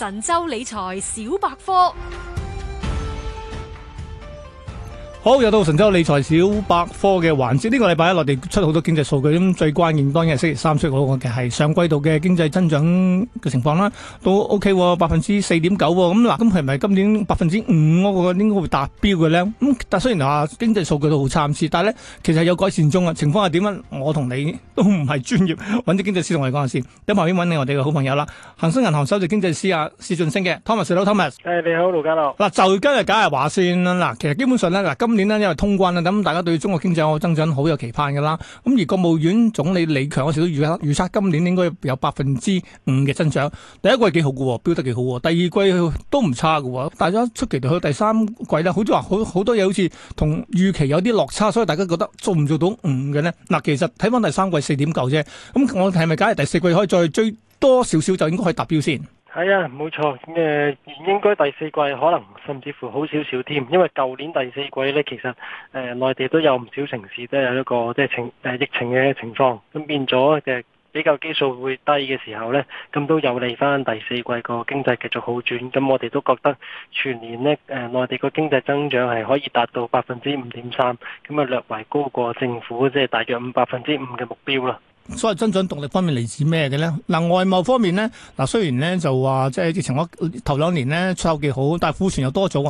神州理財小百科。好，又到神州理財小百科嘅環節，呢、這個禮拜一落地出好多經濟數據，咁最關鍵當然係星期三出嗰個嘅係上季度嘅經濟增長嘅情況啦，都 O K，百分之四點九，咁、嗯、嗱，咁係咪今年百分之五嗰個應該會達標嘅咧？咁、嗯、但係雖然話經濟數據都好參差，但係咧其實有改善中啊。情況係點啊？我同你都唔係專業，揾啲經濟師同我哋講下先。咁旁邊揾你我哋嘅好朋友啦，恒生銀行首席經濟師阿薛俊昇嘅 Th Thomas Sir，Thomas。你好，盧家樂。嗱，就今日梗係話先啦。嗱，其實基本上咧，嗱今年咧，因為通關啦，咁大家對中國經濟增長好有期盼噶啦。咁而國務院總理李強嗰時都預測預測今年應該有百分之五嘅增長。第一季幾好噶，標得幾好。第二季都唔差噶，大家出奇去到第三季啦，好似話好好多嘢，好似同預期有啲落差，所以大家覺得做唔做到五嘅呢。嗱、啊，其實睇翻第三季四點九啫。咁我係咪假如第四季可以再追多少少就應該可以達標先？係啊，冇錯，哎，誒、呃，應該第四季可能甚至乎好少少添，因為舊年第四季呢，其實誒、呃、內地都有唔少城市都有一個即係情誒、呃、疫情嘅情況，咁，嗯，變咗嘅比較基數會低嘅時候呢，咁，嗯，都有利翻第四季個經濟繼續好轉，咁，嗯，我哋都覺得全年呢，誒、呃、內地個經濟增長係可以達到百分之五點三，咁，嗯，啊，嗯，略為高過政府即係大約五百分之五嘅目標啦。所謂增長動力方面嚟自咩嘅呢？嗱、呃，外貿方面呢，嗱、呃、雖然呢就話即係之前我頭兩年呢出口幾好，但係庫存又多咗。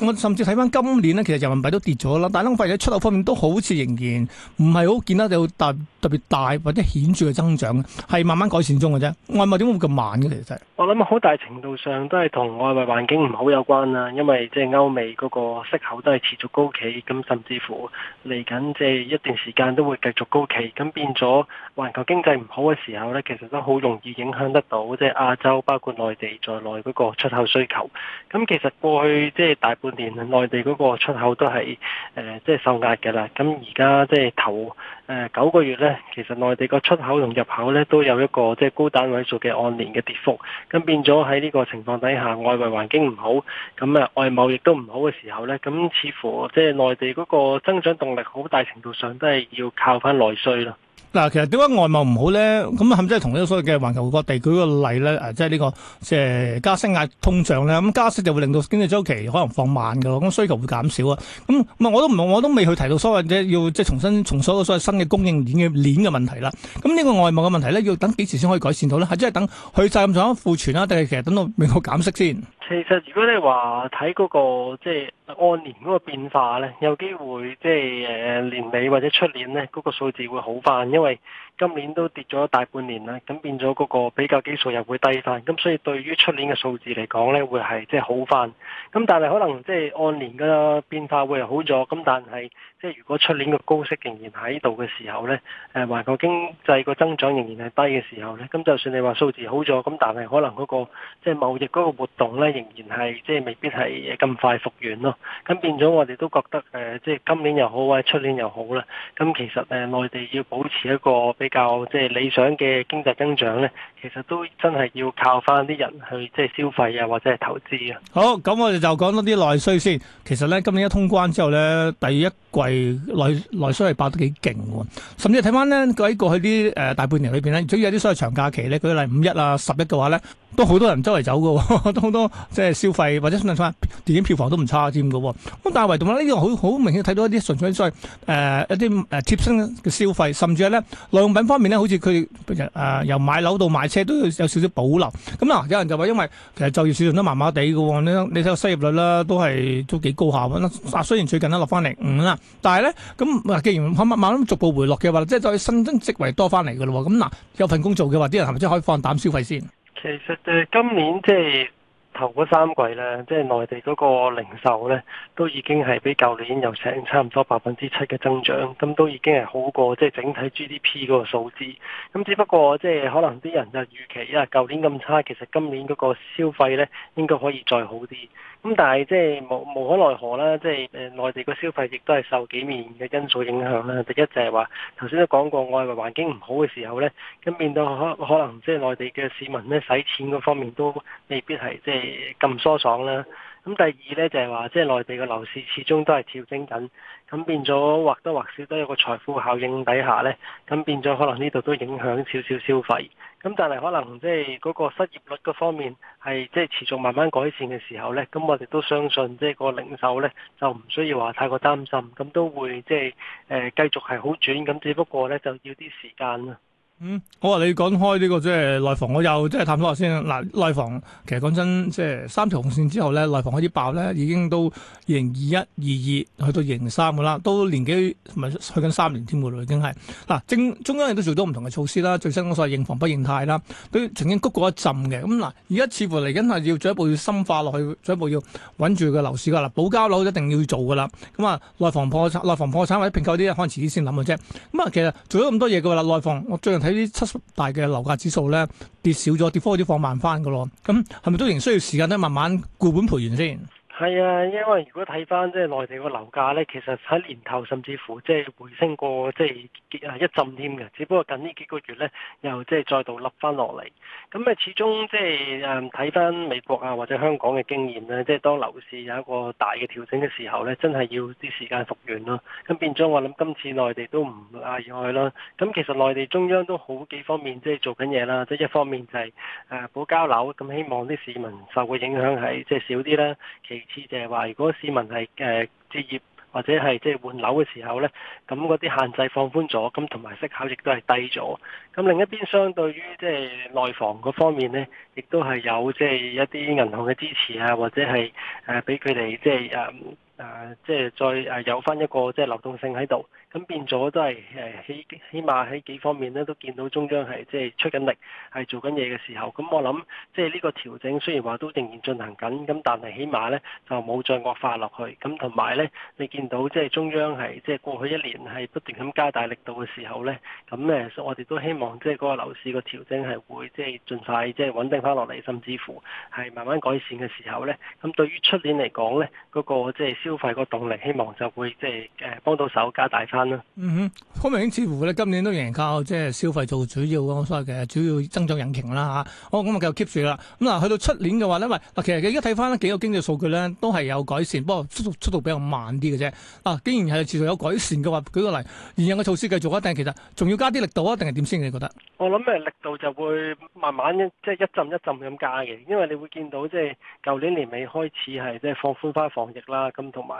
我甚至睇翻今年呢，其實人民幣都跌咗啦，但係我發現喺出口方面都好似仍然唔係好見得到突，特別大或者顯著嘅增長，係慢慢改善中嘅啫。外貿點解會咁慢嘅？其實我諗好大程度上都係同外貿環境唔好有關啦、啊。因為即係歐美嗰個息口都係持續高企，咁甚至乎嚟緊即係一段時間都會繼續高企，咁變咗環球經濟唔好嘅時候呢，其實都好容易影響得到即係亞洲，包括內地在內嗰個出口需求。咁其實過去即係大半年內地嗰個出口都係誒即係受壓嘅啦。咁而家即係頭。誒、呃、九個月呢，其實內地個出口同入口呢，都有一個即係、就是、高單位數嘅按年嘅跌幅，咁變咗喺呢個情況底下，外圍環境唔好，咁啊外貿亦都唔好嘅時候呢，咁似乎即係內地嗰個增長動力，好大程度上都係要靠翻內需啦。嗱，其實點解外貿唔好咧？咁、嗯、咪即係同呢個所謂嘅環球各地舉個例咧，誒、啊，即係、這個呃、呢個即係加息壓通脹咧，咁加息就會令到經濟周期可能放慢噶咯，咁、嗯、需求會減少啊。咁、嗯、唔，我都唔，我都未去提到所謂嘅要即係重新重塑個所謂新嘅供應鏈嘅鏈嘅問題啦。咁、嗯、呢、這個外貿嘅問題咧，要等幾時先可以改善到咧？係、啊、即係等去晒咁多庫存啦、啊，定係其實等到美國減息先？其實如果你話睇嗰個即係。按年嗰個變化咧，有機會即係誒年尾或者出年咧，嗰個數字會好翻，因為今年都跌咗大半年啦，咁變咗嗰個比較基數又會低翻，咁所以對於出年嘅數字嚟講咧，會係即係好翻。咁但係可能即係按年嘅變化會好咗，咁但係即係如果出年嘅高息仍然喺度嘅時候咧，誒，環球經濟個增長仍然係低嘅時候咧，咁就算你話數字好咗，咁但係可能嗰個即係貿易嗰個活動咧，仍然係即係未必係咁快復原咯。咁變咗，我哋都覺得誒、呃，即係今年又好或者出年又好啦。咁其實誒，內地要保持一個比較即係理想嘅經濟增長咧，其實都真係要靠翻啲人去即係消費啊，或者係投資啊。好，咁我哋就講多啲內需先。其實咧，今年一通關之後咧，第一季內內,內需係爆得幾勁喎。甚至係睇翻咧，喺過去啲誒大半年裏邊咧，主要有啲所謂長假期咧，舉例五一啊、十一嘅話咧，都好多人周圍走㗎、啊，都好多即係消費或者甚至電影票房都唔差添、啊。咁但係唯獨呢個好好明顯睇到一啲純粹係誒一啲誒、呃、貼身嘅消費，甚至係咧耐用品方面咧，好似佢由由買樓到買車都要有少少保留。咁、嗯、嗱、嗯，有人就話因為其實就業市場都麻麻地嘅喎，你睇你睇個失業率啦，都係都幾高下。咁啊，雖然最近都落翻嚟五啦，但係咧咁嗱，既然慢慢逐步回落嘅話，即係再新增職位多翻嚟嘅咯。咁、嗯、嗱、嗯，有份工做嘅話，啲人係咪即係可以放膽消費先？其實誒，今年即係。頭嗰三季呢，即係內地嗰個零售呢，都已經係比舊年又成差唔多百分之七嘅增長，咁都已經係好過即係整體 GDP 嗰個數字。咁只不過即係可能啲人就預期，因為舊年咁差，其實今年嗰個消費呢，應該可以再好啲。咁但係即係無無可奈何啦，即係誒內地個消費亦都係受幾面嘅因素影響啦。第一就係話，頭先都講過外圍環境唔好嘅時候呢，咁面對可可能即係內地嘅市民呢，使錢嗰方面都未必係即係。咁疏爽啦，咁第二呢，就係話，即係內地嘅樓市始終都係調整緊，咁變咗或多或少都有一個財富效應底下呢，咁變咗可能呢度都影響少少消費，咁但係可能即係嗰個失業率嗰方面係即係持續慢慢改善嘅時候呢，咁我哋都相信即係個零售呢就唔需要話太過擔心，咁都會即係誒繼續係好轉，咁只不過呢，就要啲時間啦。嗯，我話你講開呢、這個即係內房，我又即係探索下先。嗱，內房其實講真，即係三條紅線之後咧，內房開始爆咧，已經都二零二一、二二去到二零三嘅啦，都年幾同去緊三年添嘅已經係嗱。政、啊、中央亦都做咗唔同嘅措施啦，最新嗰個係應房不應貸啦，都曾經谷過一陣嘅。咁、啊、嗱，而家似乎嚟緊係要進一步要深化落去，進一步要穩住個樓市㗎啦。保交樓一定要做㗎啦。咁啊，內房破產，內房破產或者併購啲，可能自己先諗嘅啫。咁啊，其實做咗咁多嘢嘅啦，內房我最近睇。呢啲七十大嘅樓價指數咧，跌少咗，跌幅啲放慢翻噶咯，咁係咪都仍需要時間咧，慢慢固本培元先？係啊，因為如果睇翻即係內地個樓價咧，其實喺年頭甚至乎即係回升過即係一陣添嘅，只不過近呢幾個月咧又即係再度笠翻落嚟。咁啊，始終即係誒睇翻美國啊或者香港嘅經驗咧，即係當樓市有一個大嘅調整嘅時候咧，真係要啲時間復原咯。咁變咗我諗今次內地都唔例外啦。咁其實內地中央都好幾方面即係做緊嘢啦，即係一方面就係誒保交樓，咁希望啲市民受嘅影響係即係少啲啦。其似就係話，如果市民係誒、呃、置業或者係即係換樓嘅時候呢，咁嗰啲限制放寬咗，咁同埋息口亦都係低咗。咁另一邊，相對於即係內房嗰方面呢，亦都係有即係一啲銀行嘅支持啊，或者係誒俾佢哋即係誒。呃誒即係再誒有翻一個即係流動性喺度，咁變咗都係誒起起碼喺幾方面咧都見到中央係即係出緊力係做緊嘢嘅時候，咁我諗即係呢個調整雖然話都仍然進行緊，咁但係起碼咧就冇再惡化落去，咁同埋咧你見到即係中央係即係過去一年係不斷咁加大力度嘅時候咧，咁咧我哋都希望即係嗰個樓市個調整係會即係盡快即係穩定翻落嚟，甚至乎係慢慢改善嘅時候咧，咁對於出年嚟講咧嗰個即係消費。個動力，希望就會即係，誒幫到手，加大翻啦。嗯哼，好明顯似乎咧今年都仍靠即係消費做主要所謂嘅主要增長引擎啦吓。好，咁啊繼續 keep 住啦。咁嗱，去到出年嘅話咧，喂，嗱，其實而家睇翻咧幾個經濟數據咧，都係有改善，不過速度速度比較慢啲嘅啫。啊，既然係持續有改善嘅話，舉個例，現有嘅措施繼續啊，定其實仲要加啲力度啊，定係點先？你覺得？我諗，誒力度就會慢慢即係一陣一陣咁加嘅，因為你會見到即係舊年年尾開始係即係放寬翻防疫啦，咁同埋。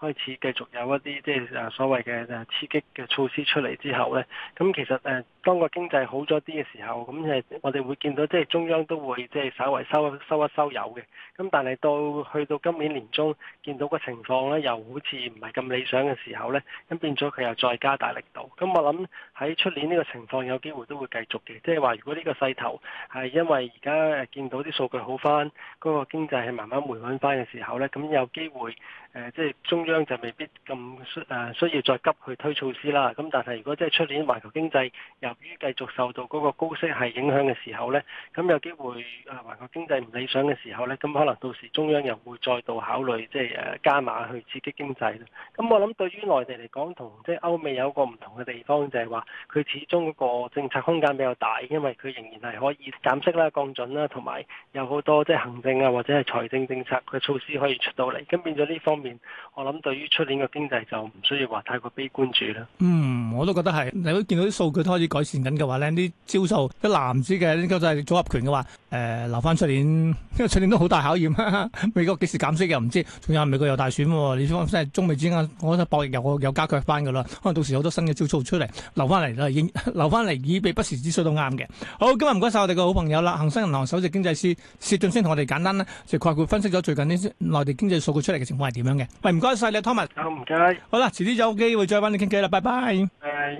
開始繼續有一啲即係誒所謂嘅誒刺激嘅措施出嚟之後呢，咁其實誒當個經濟好咗啲嘅時候，咁誒我哋會見到即係中央都會即係稍微收一收一收油嘅。咁但係到去到今年年中見到個情況咧，又好似唔係咁理想嘅時候呢，咁變咗佢又再加大力度。咁我諗喺出年呢個情況有機會都會繼續嘅，即係話如果呢個勢頭係因為而家誒見到啲數據好翻，嗰個經濟係慢慢回暖回穩翻嘅時候呢，咁有機會誒即係中。中央就未必咁需誒需要再急去推措施啦。咁但係如果即係出年環球經濟由於繼續受到嗰個高息係影響嘅時候咧，咁有機會誒環球經濟唔理想嘅時候咧，咁可能到時中央又會再度考慮即係誒加碼去刺激經濟。咁我諗對於內地嚟講同即係歐美有一個唔同嘅地方就係話佢始終嗰個政策空間比較大，因為佢仍然係可以減息啦，降準啦，同埋有好多即係行政啊或者係財政政策嘅措施可以出到嚟。咁變咗呢方面，我諗。對於出年嘅經濟就唔需要話太過悲觀住啦。嗯，我都覺得係。你會見到啲數據都開始改善緊嘅話咧，啲招數，啲男子嘅呢個就係組合拳嘅話。誒、呃，留翻出年，因為出年都好大考驗。哈哈，美國幾時減息嘅又唔知，仲有美國又大選、哦。呢方先係中美之間，我覺得博弈又有加強翻噶啦。可能到時好多新嘅招數出嚟，留翻嚟啦，應留翻嚟以，以備不時之需都啱嘅。好，今日唔該晒我哋個好朋友啦，恒生銀行首席經濟師薛俊昇同我哋簡單呢，就概括分析咗最近呢內地經濟數據出嚟嘅情況係點樣嘅。喂，唔該晒你，Tom。好唔該。謝謝。好啦，遲啲有機會再搵你傾偈啦，拜。拜。拜拜。